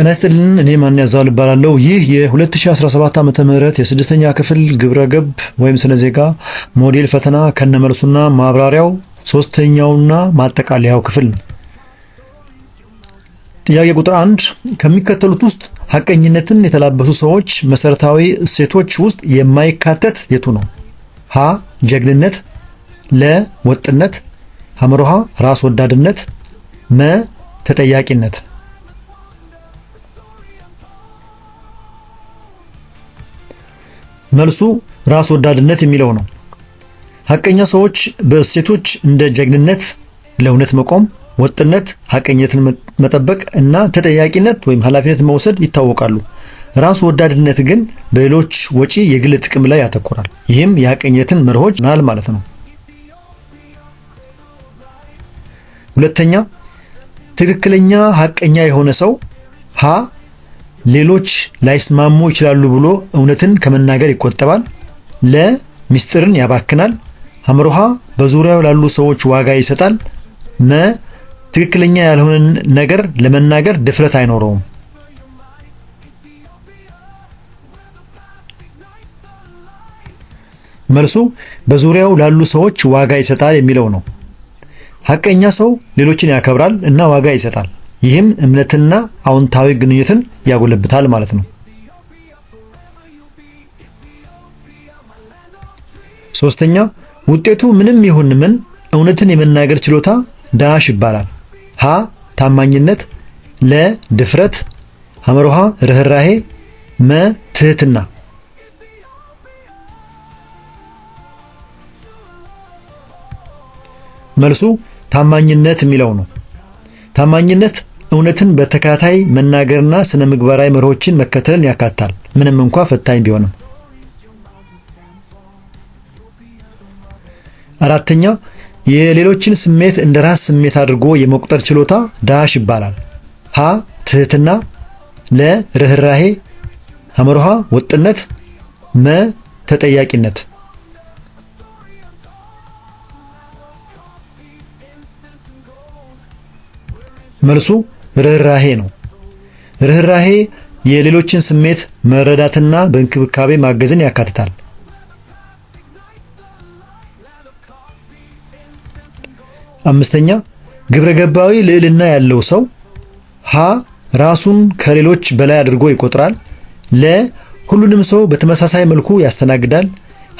ጤና ይስጥልን። እኔ ማን ያዛል እባላለሁ። ይህ የ2017 ዓመተ ምህረት የስድስተኛ ክፍል ግብረ ገብ ወይም ስነ ዜጋ ሞዴል ፈተና ከነመልሱና ማብራሪያው ሶስተኛውና ማጠቃለያው ክፍል ነው። ጥያቄ ቁጥር አንድ ከሚከተሉት ውስጥ ሐቀኝነትን የተላበሱ ሰዎች መሰረታዊ እሴቶች ውስጥ የማይካተት የቱ ነው? ሀ ጀግንነት፣ ለ ወጥነት፣ ሐመሮሃ ራስ ወዳድነት፣ መ ተጠያቂነት መልሱ ራስ ወዳድነት የሚለው ነው። ሐቀኛ ሰዎች በእሴቶች እንደ ጀግንነት፣ ለእውነት መቆም፣ ወጥነት፣ ሐቀኝነትን መጠበቅ እና ተጠያቂነት ወይም ኃላፊነት መውሰድ ይታወቃሉ። ራስ ወዳድነት ግን በሌሎች ወጪ የግል ጥቅም ላይ ያተኩራል ይህም የሐቀኝነትን መርሆች ናል ማለት ነው። ሁለተኛ ትክክለኛ ሐቀኛ የሆነ ሰው ሀ ሌሎች ላይስማሙ ይችላሉ ብሎ እውነትን ከመናገር ይቆጠባል። ለ ሚስጥርን ያባክናል። ሐምሮሃ በዙሪያው ላሉ ሰዎች ዋጋ ይሰጣል። መ ትክክለኛ ያልሆነን ነገር ለመናገር ድፍረት አይኖረውም። መልሱ በዙሪያው ላሉ ሰዎች ዋጋ ይሰጣል የሚለው ነው። ሐቀኛ ሰው ሌሎችን ያከብራል እና ዋጋ ይሰጣል። ይህም እምነትና አዎንታዊ ግንኙትን ያጎለብታል ማለት ነው። ሶስተኛ ውጤቱ ምንም ይሁን ምን እውነትን የመናገር ችሎታ ዳሽ ይባላል። ሀ ታማኝነት፣ ለ ድፍረት፣ ሐመርሃ ርህራሄ፣ መ ትህትና። መልሱ ታማኝነት የሚለው ነው። ታማኝነት እውነትን በተከታታይ መናገርና ስነ ምግባራዊ መርሆችን መከተልን ያካታል። ምንም እንኳ ፈታኝ ቢሆንም። አራተኛው የሌሎችን ስሜት እንደ ራስ ስሜት አድርጎ የመቁጠር ችሎታ ዳሽ ይባላል። ሀ ትህትና፣ ለ ርኅራሄ፣ አምርሃ ወጥነት፣ መ ተጠያቂነት። መልሱ ርኅራሄ ነው። ርኅራሄ የሌሎችን ስሜት መረዳትና በእንክብካቤ ማገዝን ያካትታል። አምስተኛ ግብረ ገባዊ ልዕልና ያለው ሰው ሀ ራሱን ከሌሎች በላይ አድርጎ ይቆጥራል። ለ ሁሉንም ሰው በተመሳሳይ መልኩ ያስተናግዳል።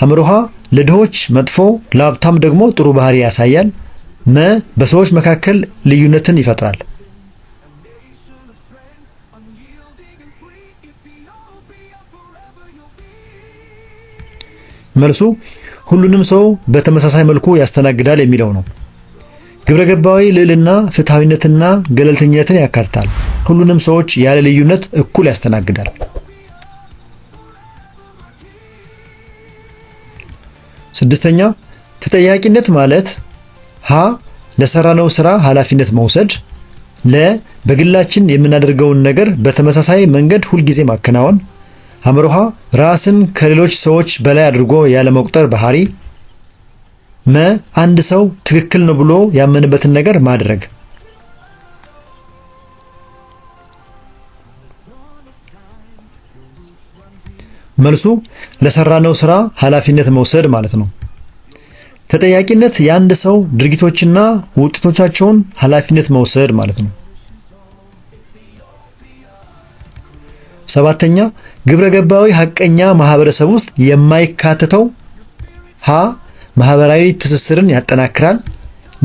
አምሮሃ ለድሆች መጥፎ ለሀብታም ደግሞ ጥሩ ባህሪ ያሳያል። መ በሰዎች መካከል ልዩነትን ይፈጥራል። መልሱ ሁሉንም ሰው በተመሳሳይ መልኩ ያስተናግዳል የሚለው ነው። ግብረ ገባዊ ልዕልና ፍትሐዊነትና ገለልተኝነትን ያካትታል። ሁሉንም ሰዎች ያለ ልዩነት እኩል ያስተናግዳል። ስድስተኛ ተጠያቂነት ማለት ሀ ለሰራነው ስራ ኃላፊነት መውሰድ፣ ለ በግላችን የምናደርገውን ነገር በተመሳሳይ መንገድ ሁልጊዜ ማከናወን አምሮሃ ራስን ከሌሎች ሰዎች በላይ አድርጎ ያለመቁጠር ባህሪ። መ አንድ ሰው ትክክል ነው ብሎ ያመንበትን ነገር ማድረግ። መልሱ ለሰራነው ስራ ኃላፊነት መውሰድ ማለት ነው። ተጠያቂነት የአንድ ሰው ድርጊቶችና ውጤቶቻቸውን ኃላፊነት መውሰድ ማለት ነው። ሰባተኛ ግብረ ገባዊ ሀቀኛ ማህበረሰብ ውስጥ የማይካተተው ሀ ማህበራዊ ትስስርን ያጠናክራል፣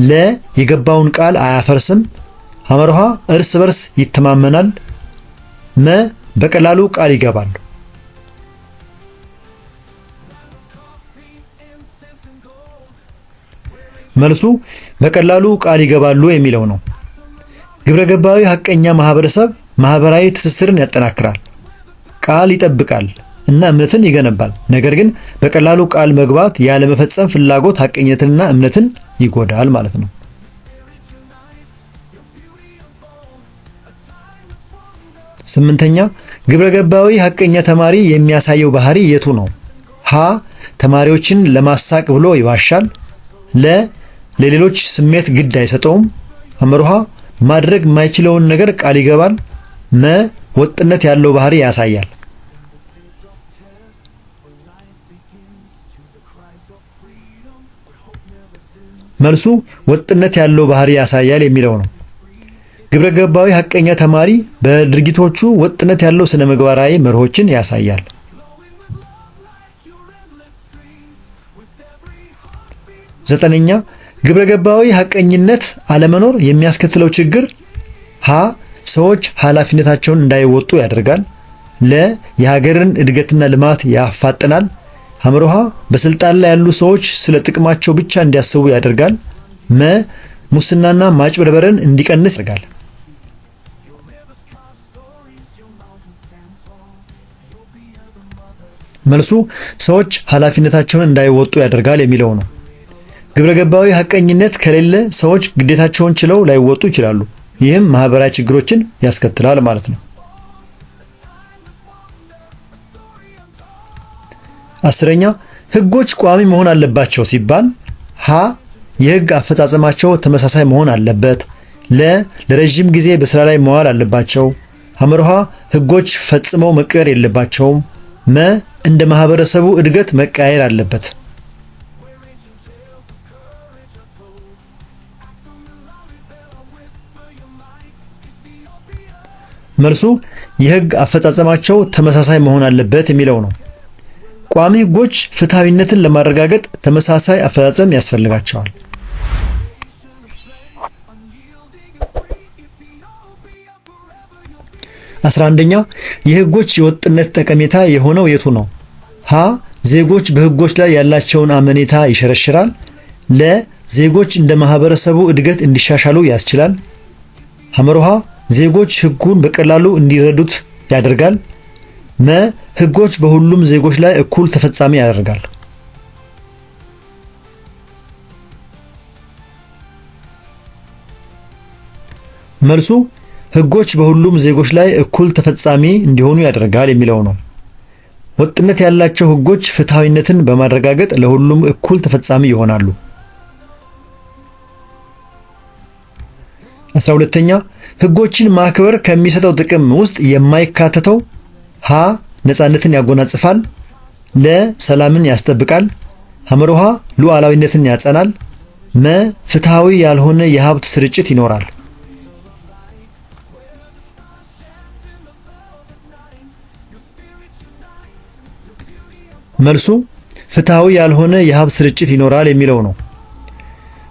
ለ የገባውን ቃል አያፈርስም፣ ሐመርሃ እርስ በርስ ይተማመናል፣ መ በቀላሉ ቃል ይገባል። መልሱ በቀላሉ ቃል ይገባሉ የሚለው ነው። ግብረ ገባዊ ሀቀኛ ማህበረሰብ ማህበራዊ ትስስርን ያጠናክራል። ቃል ይጠብቃል እና እምነትን ይገነባል። ነገር ግን በቀላሉ ቃል መግባት ያለመፈጸም ፍላጎት ሐቀኝነትንና እምነትን ይጎዳል ማለት ነው። ስምንተኛ ግብረገባዊ ሐቀኛ ተማሪ የሚያሳየው ባህሪ የቱ ነው? ሀ ተማሪዎችን ለማሳቅ ብሎ ይዋሻል። ለ ለሌሎች ስሜት ግድ አይሰጠውም። አመሩሃ ማድረግ የማይችለውን ነገር ቃል ይገባል። መ ወጥነት ያለው ባህሪ ያሳያል። መልሱ ወጥነት ያለው ባህሪ ያሳያል የሚለው ነው። ግብረ ገባዊ ሐቀኛ ተማሪ በድርጊቶቹ ወጥነት ያለው ስነ ምግባራዊ መርሆችን ያሳያል። ዘጠነኛ ግብረ ገባዊ ሐቀኝነት አለመኖር የሚያስከትለው ችግር ሀ ሰዎች ኃላፊነታቸውን እንዳይወጡ ያደርጋል። ለ የሀገርን እድገትና ልማት ያፋጥናል። አምሮሃ በስልጣን ላይ ያሉ ሰዎች ስለ ጥቅማቸው ብቻ እንዲያስቡ ያደርጋል። መ ሙስናና ማጭበርበርን እንዲቀንስ ያደርጋል። መልሱ ሰዎች ኃላፊነታቸውን እንዳይወጡ ያደርጋል የሚለው ነው። ግብረገባዊ ሀቀኝነት ከሌለ ሰዎች ግዴታቸውን ችለው ላይወጡ ይችላሉ። ይህም ማህበራዊ ችግሮችን ያስከትላል ማለት ነው። አስረኛ ህጎች ቋሚ መሆን አለባቸው ሲባል ሀ የህግ አፈጻጸማቸው ተመሳሳይ መሆን አለበት። ለ ለረዥም ጊዜ በስራ ላይ መዋል አለባቸው። ሐመርሃ ህጎች ፈጽመው መቀየር የለባቸውም። መ እንደ ማህበረሰቡ እድገት መቃየር አለበት። መልሱ የህግ አፈጻጸማቸው ተመሳሳይ መሆን አለበት የሚለው ነው። ቋሚ ህጎች ፍትሐዊነትን ለማረጋገጥ ተመሳሳይ አፈጻጸም ያስፈልጋቸዋል። አስራ አንደኛ የህጎች የወጥነት ጠቀሜታ የሆነው የቱ ነው? ሀ ዜጎች በህጎች ላይ ያላቸውን አመኔታ ይሸረሽራል። ለ ዜጎች እንደ ማህበረሰቡ እድገት እንዲሻሻሉ ያስችላል። ሐመር ዜጎች ህጉን በቀላሉ እንዲረዱት ያደርጋል። መ ህጎች በሁሉም ዜጎች ላይ እኩል ተፈጻሚ ያደርጋል። መልሱ ህጎች በሁሉም ዜጎች ላይ እኩል ተፈጻሚ እንዲሆኑ ያደርጋል የሚለው ነው። ወጥነት ያላቸው ህጎች ፍትሐዊነትን በማረጋገጥ ለሁሉም እኩል ተፈጻሚ ይሆናሉ። አስራ ሁለተኛ ህጎችን ማክበር ከሚሰጠው ጥቅም ውስጥ የማይካተተው ሀ ነፃነትን ያጎናጽፋል፣ ለ ሰላምን ያስጠብቃል፣ ሐመርሃ ሉዓላዊነትን ያጸናል፣ መ ፍትሐዊ ያልሆነ የሀብት ስርጭት ይኖራል። መልሱ ፍትሐዊ ያልሆነ የሀብት ስርጭት ይኖራል የሚለው ነው።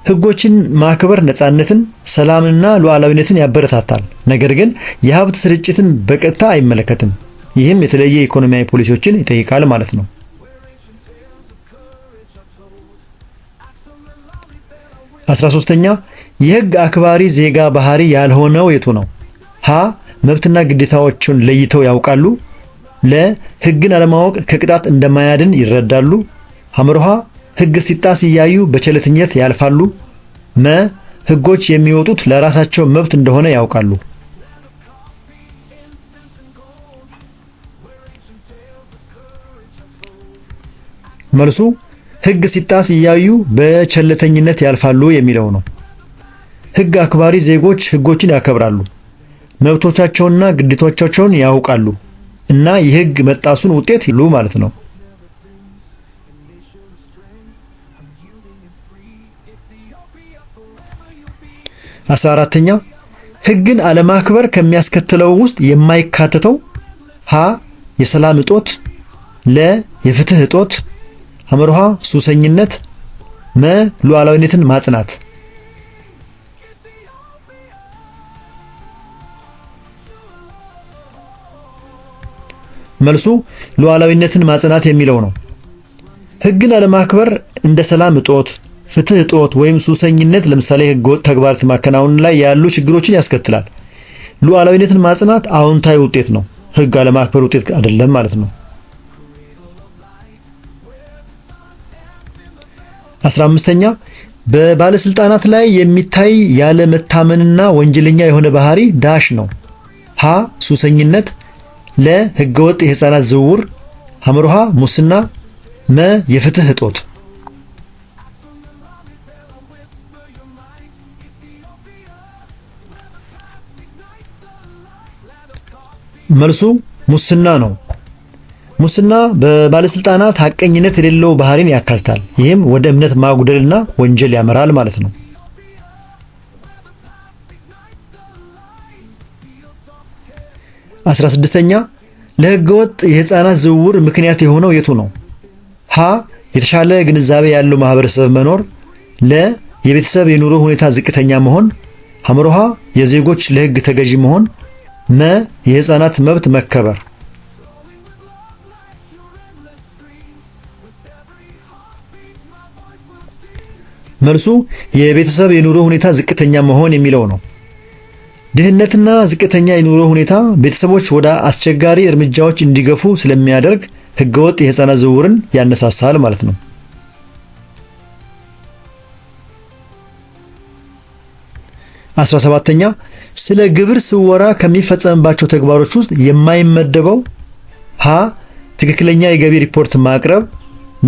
ህጎችን ማክበር ነፃነትን፣ ሰላምንና ሉዓላዊነትን ያበረታታል። ነገር ግን የሀብት ስርጭትን በቀጥታ አይመለከትም። ይህም የተለየ ኢኮኖሚያዊ ፖሊሲዎችን ይጠይቃል ማለት ነው። አስራ ሶስተኛ የህግ አክባሪ ዜጋ ባህሪ ያልሆነው የቱ ነው? ሀ መብትና ግዴታዎችን ለይተው ያውቃሉ። ለ ህግን አለማወቅ ከቅጣት እንደማያድን ይረዳሉ። ሐመር ህግ ሲጣስ እያዩ በቸልተኝነት ያልፋሉ። መ ህጎች የሚወጡት ለራሳቸው መብት እንደሆነ ያውቃሉ። መልሱ ህግ ሲጣስ እያዩ በቸልተኝነት ያልፋሉ የሚለው ነው። ህግ አክባሪ ዜጎች ህጎችን ያከብራሉ፣ መብቶቻቸውና ግዴታቸውን ያውቃሉ እና የህግ መጣሱን ውጤት ይሉ ማለት ነው። አስራ አራተኛ ህግን አለማክበር ከሚያስከትለው ውስጥ የማይካተተው ሀ የሰላም እጦት፣ ለ የፍትህ እጦት፣ ሐመርሃ ሱሰኝነት፣ መ ሉዓላዊነትን ማጽናት። መልሱ ሉዓላዊነትን ማጽናት የሚለው ነው። ህግን አለማክበር እንደ ሰላም እጦት ፍትህ እጦት ወይም ሱሰኝነት ለምሳሌ ህገወጥ ተግባራት ማከናወን ላይ ያሉ ችግሮችን ያስከትላል። ሉዓላዊነትን ማጽናት አዎንታዊ ውጤት ነው፣ ህግ አለማክበር ውጤት አይደለም ማለት ነው። 15ኛ በባለስልጣናት ላይ የሚታይ ያለ መታመንና ወንጀለኛ የሆነ ባህሪ ዳሽ ነው። ሀ ሱሰኝነት፣ ለ ህገወጥ የህፃናት ዝውውር፣ አምሮሃ ሙስና፣ መ የፍትህ እጦት መልሱ ሙስና ነው። ሙስና በባለስልጣናት ሐቀኝነት የሌለው ባህሪን ያካትታል። ይህም ወደ እምነት ማጉደልና ወንጀል ያመራል ማለት ነው። አስራ ስድስተኛ ለህገወጥ የህፃናት ዝውውር ምክንያት የሆነው የቱ ነው? ሀ የተሻለ ግንዛቤ ያለው ማህበረሰብ መኖር፣ ለ የቤተሰብ የኑሮ ሁኔታ ዝቅተኛ መሆን፣ አምሮሃ የዜጎች ለህግ ተገዢ መሆን መ የህፃናት መብት መከበር መልሱ የቤተሰብ የኑሮ ሁኔታ ዝቅተኛ መሆን የሚለው ነው። ድህነትና ዝቅተኛ የኑሮ ሁኔታ ቤተሰቦች ወደ አስቸጋሪ እርምጃዎች እንዲገፉ ስለሚያደርግ ህገወጥ የህፃናት ዝውውርን ያነሳሳል ማለት ነው። አስራ ሰባተኛ ስለ ግብር ስወራ ከሚፈጸምባቸው ተግባሮች ውስጥ የማይመደበው ሀ ትክክለኛ የገቢ ሪፖርት ማቅረብ፣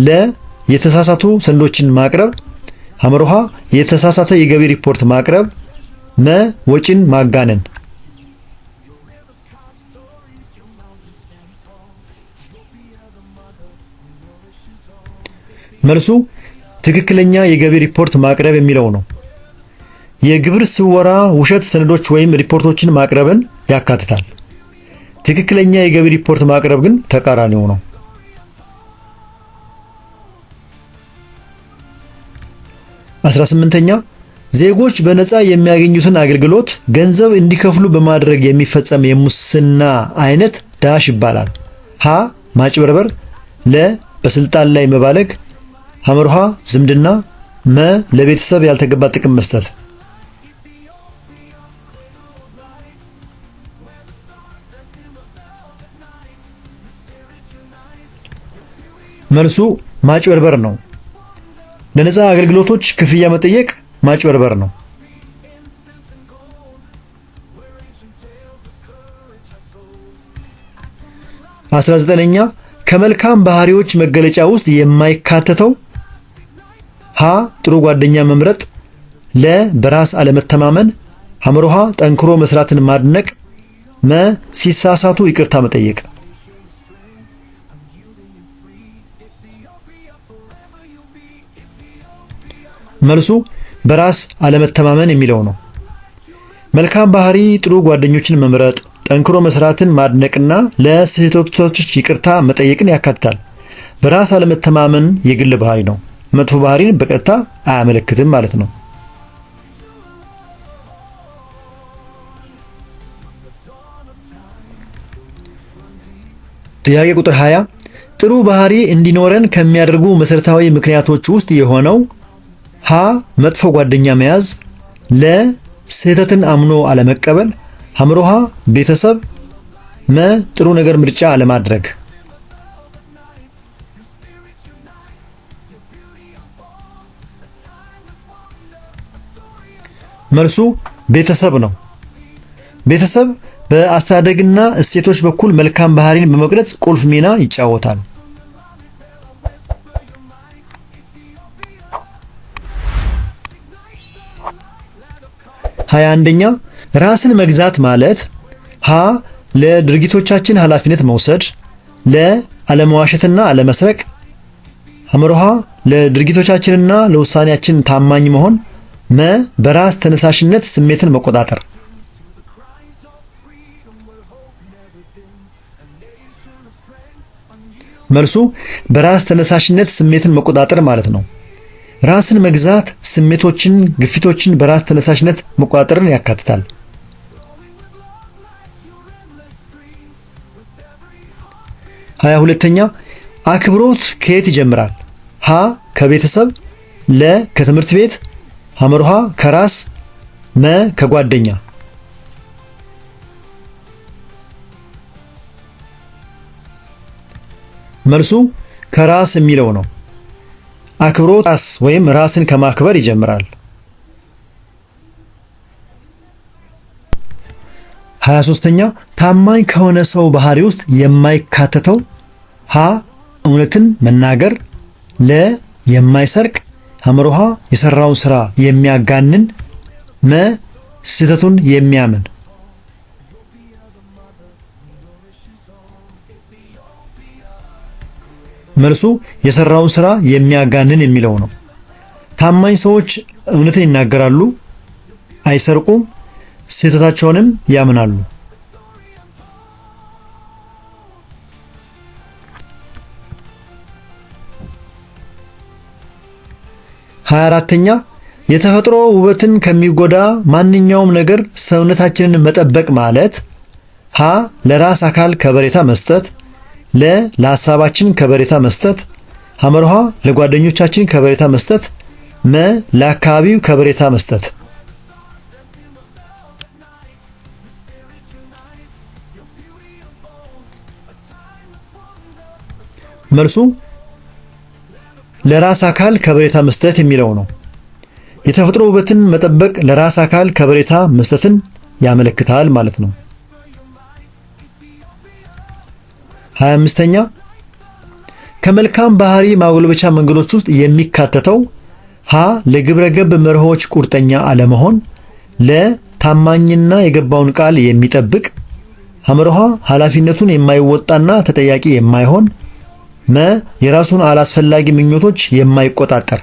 ለ የተሳሳቱ ሰነዶችን ማቅረብ፣ ሐመርሃ የተሳሳተ የገቢ ሪፖርት ማቅረብ፣ መ ወጪን ማጋነን። መልሱ ትክክለኛ የገቢ ሪፖርት ማቅረብ የሚለው ነው። የግብር ስወራ ውሸት ሰነዶች ወይም ሪፖርቶችን ማቅረብን ያካትታል። ትክክለኛ የገቢ ሪፖርት ማቅረብ ግን ተቃራኒው ነው። አስራ ስምንተኛ ዜጎች በነፃ የሚያገኙትን አገልግሎት ገንዘብ እንዲከፍሉ በማድረግ የሚፈጸም የሙስና አይነት ዳሽ ይባላል። ሀ ማጭበርበር፣ ለ በስልጣን ላይ መባለግ፣ ሐመርሃ ዝምድና፣ መ ለቤተሰብ ያልተገባ ጥቅም መስጠት። መልሱ ማጭበርበር ነው። ለነፃ አገልግሎቶች ክፍያ መጠየቅ ማጭበርበር ነው። አስራ ዘጠነኛ ከመልካም ባህሪዎች መገለጫ ውስጥ የማይካተተው ሀ ጥሩ ጓደኛ መምረጥ፣ ለ በራስ አለመተማመን፣ አምሮሃ ጠንክሮ መስራትን ማድነቅ፣ መ ሲሳሳቱ ይቅርታ መጠየቅ መልሱ በራስ አለመተማመን የሚለው ነው። መልካም ባህሪ፣ ጥሩ ጓደኞችን መምረጥ፣ ጠንክሮ መስራትን ማድነቅና ለስህተቶች ይቅርታ መጠየቅን ያካትታል። በራስ አለመተማመን የግል ባህሪ ነው። መጥፎ ባህሪን በቀጥታ አያመለክትም ማለት ነው። ጥያቄ ቁጥር 20 ጥሩ ባህሪ እንዲኖረን ከሚያደርጉ መሰረታዊ ምክንያቶች ውስጥ የሆነው ሀ መጥፎ ጓደኛ መያዝ፣ ለ ስህተትን አምኖ አለመቀበል፣ አምሮሃ ቤተሰብ፣ መ ጥሩ ነገር ምርጫ አለማድረግ። መልሱ ቤተሰብ ነው። ቤተሰብ በአስተዳደግና እሴቶች በኩል መልካም ባህሪን በመቅረጽ ቁልፍ ሚና ይጫወታል። ሀያ አንደኛ ራስን መግዛት ማለት ሀ ለድርጊቶቻችን ኃላፊነት መውሰድ፣ ለ አለመዋሸትና አለመስረቅ፣ አምሮሃ ለድርጊቶቻችንና ለውሳኔያችን ታማኝ መሆን፣ መ በራስ ተነሳሽነት ስሜትን መቆጣጠር። መልሱ በራስ ተነሳሽነት ስሜትን መቆጣጠር ማለት ነው። ራስን መግዛት ስሜቶችን፣ ግፊቶችን በራስ ተነሳሽነት መቆጣጠርን ያካትታል። ሀያ ሁለተኛ አክብሮት ከየት ይጀምራል? ሀ ከቤተሰብ፣ ለ ከትምህርት ቤት፣ ሐመርሃ ከራስ፣ መ ከጓደኛ። መልሱ ከራስ የሚለው ነው። አክብሮት ራስ ወይም ራስን ከማክበር ይጀምራል። 23ኛ ታማኝ ከሆነ ሰው ባህሪ ውስጥ የማይካተተው ሀ እውነትን መናገር፣ ለ የማይሰርቅ፣ ሐመር ሃ የሰራውን ስራ የሚያጋንን፣ መ ስህተቱን የሚያምን መልሱ የሰራውን ስራ የሚያጋንን የሚለው ነው። ታማኝ ሰዎች እውነትን ይናገራሉ፣ አይሰርቁም፣ ስህተታቸውንም ያምናሉ። ሀያ አራተኛ የተፈጥሮ ውበትን ከሚጎዳ ማንኛውም ነገር ሰውነታችንን መጠበቅ ማለት ሀ ለራስ አካል ከበሬታ መስጠት ለ ከበሬታ መስጠት፣ ሐመርሃ ለጓደኞቻችን ከበሬታ መስጠት፣ መ ለአካባቢው ከበሬታ መስጠት። መልሱ ለራስ አካል ከበሬታ መስጠት የሚለው ነው። የተፈጥሮ ውበትን መጠበቅ ለራስ አካል ከበሬታ መስጠትን ያመለክታል ማለት ነው። ሀያ አምስተኛ ከመልካም ባህሪ ማጎልበቻ መንገዶች ውስጥ የሚካተተው ሀ ለግብረ ገብ መርሆች ቁርጠኛ አለመሆን፣ ለ ታማኝና የገባውን ቃል የሚጠብቅ፣ ሐመርሃ ኃላፊነቱን የማይወጣና ተጠያቂ የማይሆን፣ መ የራሱን አላስፈላጊ ምኞቶች የማይቆጣጠር።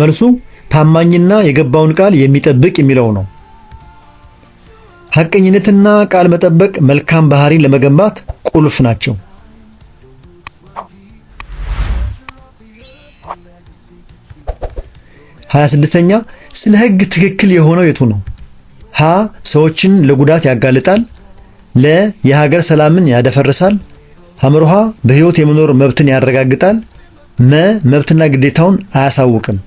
መልሱ ታማኝና የገባውን ቃል የሚጠብቅ የሚለው ነው። ሐቀኝነትና ቃል መጠበቅ መልካም ባህሪን ለመገንባት ቁልፍ ናቸው። ሀያ ስድስተኛ ስለ ሕግ ትክክል የሆነው የቱ ነው? ሀ ሰዎችን ለጉዳት ያጋልጣል፣ ለ የሀገር ሰላምን ያደፈርሳል፣ ሐመርሃ በሕይወት የመኖር መብትን ያረጋግጣል፣ መ መብትና ግዴታውን አያሳውቅም።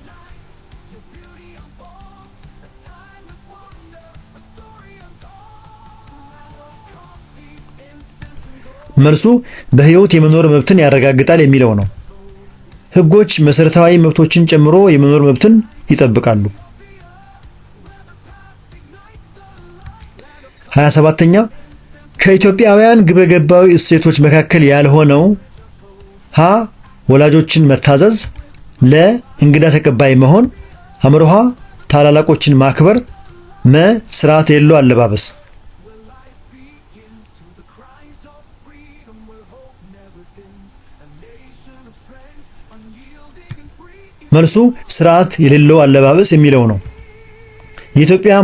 መልሱ በህይወት የመኖር መብትን ያረጋግጣል የሚለው ነው። ህጎች መሰረታዊ መብቶችን ጨምሮ የመኖር መብትን ይጠብቃሉ። 27ኛ ከኢትዮጵያውያን ግብረገባዊ እሴቶች መካከል ያልሆነው ሀ ወላጆችን መታዘዝ፣ ለ እንግዳ ተቀባይ መሆን፣ አምሮሃ ታላላቆችን ማክበር፣ መ ስርዓት የሌለው አለባበስ መልሱ ስርዓት የሌለው አለባበስ የሚለው ነው። የኢትዮጵያ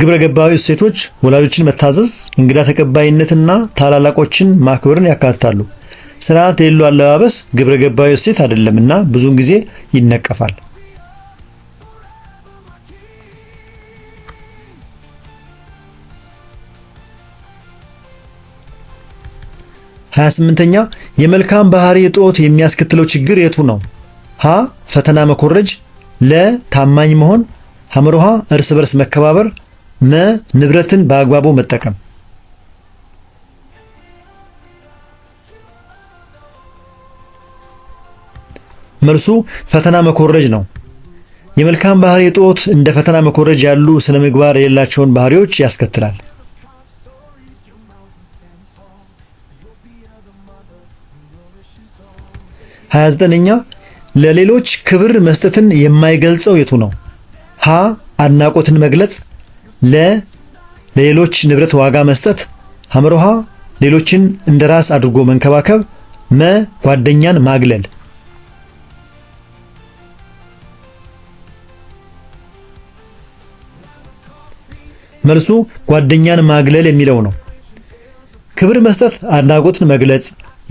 ግብረ ገባዊ እሴቶች ወላጆችን መታዘዝ፣ እንግዳ ተቀባይነትና ታላላቆችን ማክበርን ያካትታሉ። ስርዓት የሌለው አለባበስ ግብረ ገባዊ እሴት አይደለም እና ብዙውን ጊዜ ይነቀፋል። 28ኛ የመልካም ባህሪ እጦት የሚያስከትለው ችግር የቱ ነው? ሀ ፈተና መኮረጅ፣ ለ ታማኝ መሆን፣ ሐመሮሃ እርስ በርስ መከባበር፣ መ ንብረትን በአግባቡ መጠቀም። መልሱ ፈተና መኮረጅ ነው። የመልካም ባህሪ እጦት እንደ ፈተና መኮረጅ ያሉ ስነ ምግባር የሌላቸውን ባህሪዎች ያስከትላል። 29ኛ ለሌሎች ክብር መስጠትን የማይገልጸው የቱ ነው? ሀ አድናቆትን መግለጽ፣ ለ ለሌሎች ንብረት ዋጋ መስጠት፣ ሐመሮሃ ሌሎችን እንደ ራስ አድርጎ መንከባከብ፣ መ ጓደኛን ማግለል። መልሱ ጓደኛን ማግለል የሚለው ነው። ክብር መስጠት አድናቆትን መግለጽ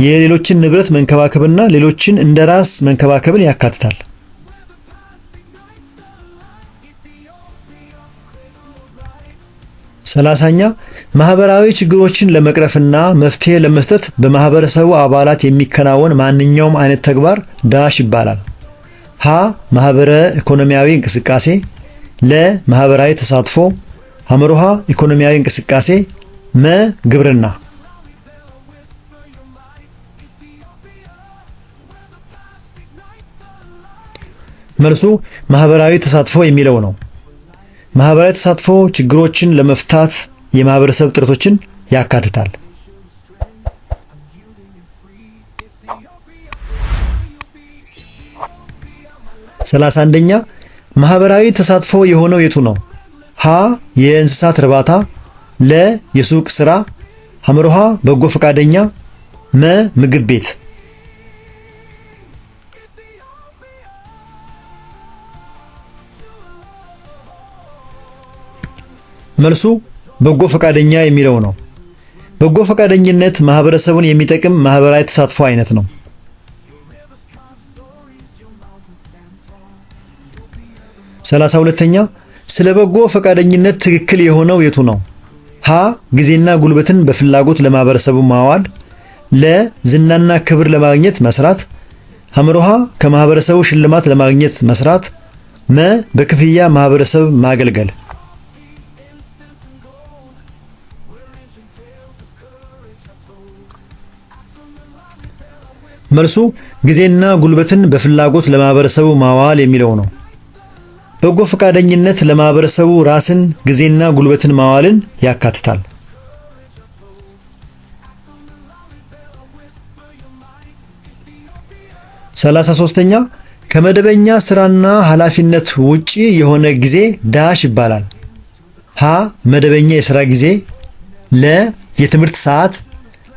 የሌሎችን ንብረት መንከባከብና ሌሎችን እንደ ራስ መንከባከብን ያካትታል። ሰላሳኛ ማህበራዊ ችግሮችን ለመቅረፍና መፍትሄ ለመስጠት በማህበረሰቡ አባላት የሚከናወን ማንኛውም አይነት ተግባር ዳሽ ይባላል። ሀ ማህበረ ኢኮኖሚያዊ እንቅስቃሴ፣ ለ ማህበራዊ ተሳትፎ፣ ሐመሩሃ ኢኮኖሚያዊ እንቅስቃሴ፣ መ ግብርና መልሱ ማህበራዊ ተሳትፎ የሚለው ነው። ማህበራዊ ተሳትፎ ችግሮችን ለመፍታት የማህበረሰብ ጥረቶችን ያካትታል። ሰላሳ አንደኛ ማህበራዊ ተሳትፎ የሆነው የቱ ነው? ሀ የእንስሳት እርባታ፣ ለ የሱቅ ስራ፣ አምሮሃ በጎ ፈቃደኛ፣ መ ምግብ ቤት መልሱ በጎ ፈቃደኛ የሚለው ነው። በጎ ፈቃደኝነት ማህበረሰቡን የሚጠቅም ማህበራዊ ተሳትፎ አይነት ነው። ሰላሳ ሁለተኛ ስለ በጎ ፈቃደኝነት ትክክል የሆነው የቱ ነው? ሀ ጊዜና ጉልበትን በፍላጎት ለማህበረሰቡ ማዋል፣ ለ ዝናና ክብር ለማግኘት መስራት፣ አምሮሃ ከማህበረሰቡ ሽልማት ለማግኘት መስራት፣ መ በክፍያ ማህበረሰብ ማገልገል መልሱ ጊዜና ጉልበትን በፍላጎት ለማህበረሰቡ ማዋል የሚለው ነው። በጎ ፈቃደኝነት ለማህበረሰቡ ራስን ጊዜና ጉልበትን ማዋልን ያካትታል። ሰላሳ ሶስተኛ ከመደበኛ ስራና ኃላፊነት ውጪ የሆነ ጊዜ ዳሽ ይባላል። ሀ መደበኛ የስራ ጊዜ፣ ለ የትምህርት ሰዓት፣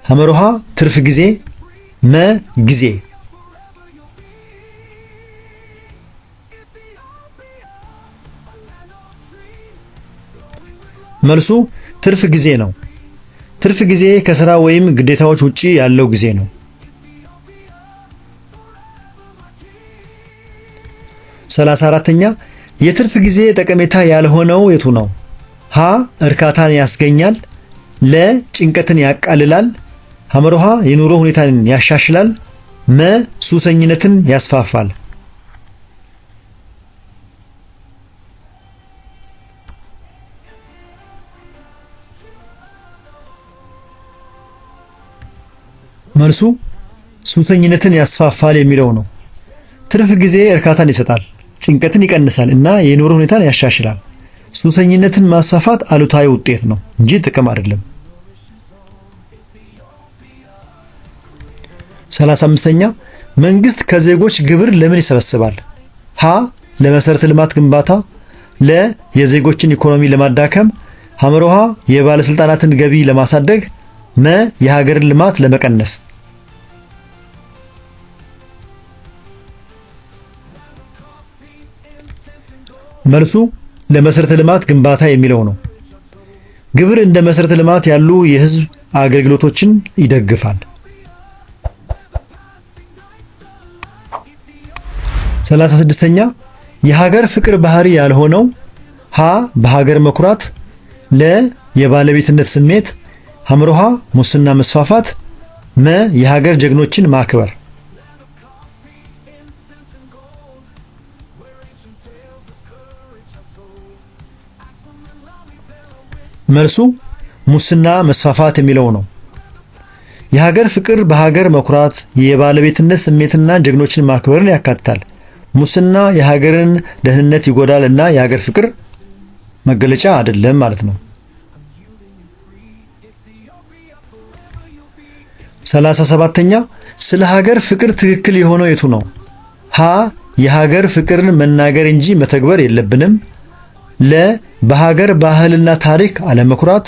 ሐመሮሃ ትርፍ ጊዜ መ ጊዜ መልሱ ትርፍ ጊዜ ነው። ትርፍ ጊዜ ከስራ ወይም ግዴታዎች ውጪ ያለው ጊዜ ነው። ሰላሳ አራተኛ የትርፍ ጊዜ ጠቀሜታ ያልሆነው የቱ ነው? ሀ እርካታን ያስገኛል፣ ለ ጭንቀትን ያቃልላል ሀመርሃ የኑሮ ሁኔታን ያሻሽላል። መ ሱሰኝነትን ያስፋፋል። መልሱ ሱሰኝነትን ያስፋፋል የሚለው ነው። ትርፍ ጊዜ እርካታን ይሰጣል፣ ጭንቀትን ይቀንሳል እና የኑሮ ሁኔታን ያሻሽላል። ሱሰኝነትን ማስፋፋት አሉታዊ ውጤት ነው እንጂ ጥቅም አይደለም። 35ኛ መንግስት ከዜጎች ግብር ለምን ይሰበስባል? ሀ ለመሰረተ ልማት ግንባታ፣ ለ የዜጎችን ኢኮኖሚ ለማዳከም፣ ሐመሮሃ የባለስልጣናትን ገቢ ለማሳደግ፣ መ የሀገርን ልማት ለመቀነስ። መልሱ ለመሰረተ ልማት ግንባታ የሚለው ነው። ግብር እንደ መሰረተ ልማት ያሉ የህዝብ አገልግሎቶችን ይደግፋል። ሰላሳ ስድስተኛ የሀገር ፍቅር ባህሪ ያልሆነው ሀ በሀገር መኩራት፣ ለ የባለቤትነት ስሜት፣ አምሮሃ ሙስና መስፋፋት፣ መ የሀገር ጀግኖችን ማክበር መልሱ ሙስና መስፋፋት የሚለው ነው። የሀገር ፍቅር በሀገር መኩራት፣ የባለቤትነት ስሜትና ጀግኖችን ማክበርን ያካትታል። ሙስና የሀገርን ደህንነት ይጎዳል እና የሀገር ፍቅር መገለጫ አይደለም ማለት ነው። 37 ሰባተኛ ስለ ሀገር ፍቅር ትክክል የሆነው የቱ ነው? ሀ የሀገር ፍቅርን መናገር እንጂ መተግበር የለብንም። ለ በሀገር ባህልና ታሪክ አለመኩራት።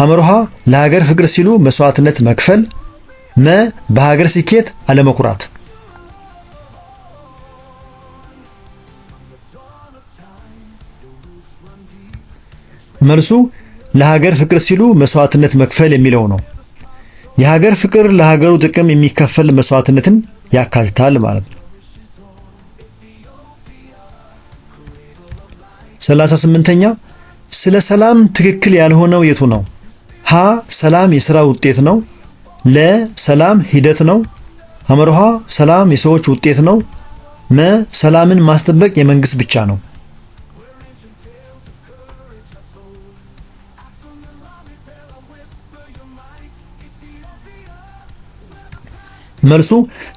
ሐመርሃ ለሀገር ፍቅር ሲሉ መስዋዕትነት መክፈል። መ በሀገር ስኬት አለመኩራት መልሱ ለሀገር ፍቅር ሲሉ መስዋዕትነት መክፈል የሚለው ነው። የሀገር ፍቅር ለሀገሩ ጥቅም የሚከፈል መስዋዕትነትን ያካትታል ማለት ነው። ሰላሳ ስምንተኛ ስለ ሰላም ትክክል ያልሆነው የቱ ነው? ሀ ሰላም የስራ ውጤት ነው። ለ ሰላም ሂደት ነው። አመርሃ ሰላም የሰዎች ውጤት ነው። መ ሰላምን ማስጠበቅ የመንግስት ብቻ ነው። መልሱ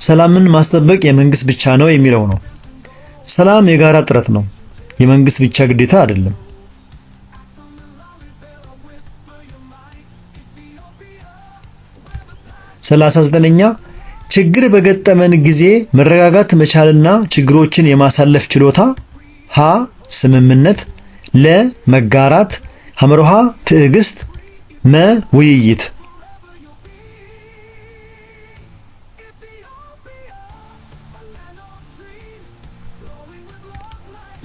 ሰላምን ማስጠበቅ የመንግስት ብቻ ነው የሚለው ነው። ሰላም የጋራ ጥረት ነው፣ የመንግስት ብቻ ግዴታ አይደለም። ሰላሳ ዘጠነኛ ችግር በገጠመን ጊዜ መረጋጋት መቻልና ችግሮችን የማሳለፍ ችሎታ፣ ሀ ስምምነት፣ ለ መጋራት፣ ሐመርሃ ትዕግስት፣ መ ውይይት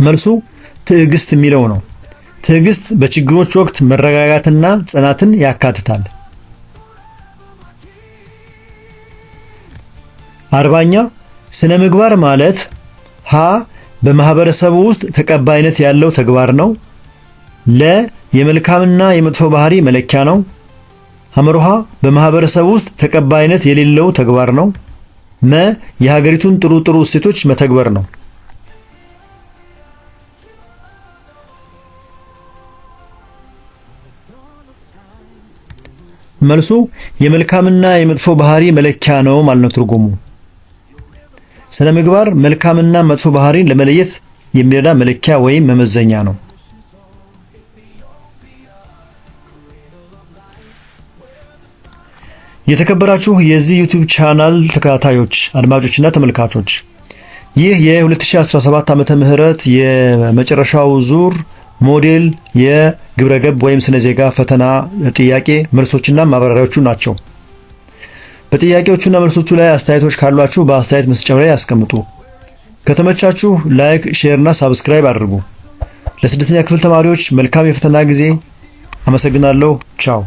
መልሱ ትዕግስት የሚለው ነው። ትዕግስት በችግሮች ወቅት መረጋጋትና ጽናትን ያካትታል። አርባኛ ስነ ምግባር ማለት ሀ በማህበረሰቡ ውስጥ ተቀባይነት ያለው ተግባር ነው። ለ የመልካምና የመጥፎ ባህሪ መለኪያ ነው። ሐመርሃ በማህበረሰቡ ውስጥ ተቀባይነት የሌለው ተግባር ነው። መ የሀገሪቱን ጥሩ ጥሩ እሴቶች መተግበር ነው። መልሱ የመልካምና የመጥፎ ባህሪ መለኪያ ነው ማለት ነው ትርጉሙ። ስነ ምግባር መልካምና መጥፎ ባህሪን ለመለየት የሚረዳ መለኪያ ወይም መመዘኛ ነው። የተከበራችሁ የዚህ ዩቲዩብ ቻናል ተከታታዮች አድማጮችና ተመልካቾች ይህ የ2017 ዓመተ ምህረት የመጨረሻው ዙር ሞዴል የግብረገብ ወይም ስነ ዜጋ ፈተና ጥያቄ መልሶችና ማብራሪያዎቹ ናቸው። በጥያቄዎቹና መልሶቹ ላይ አስተያየቶች ካሏችሁ በአስተያየት መስጫው ላይ ያስቀምጡ። ከተመቻችሁ ላይክ፣ ሼር እና ሳብስክራይብ አድርጉ። ለስድስተኛ ክፍል ተማሪዎች መልካም የፈተና ጊዜ። አመሰግናለሁ። ቻው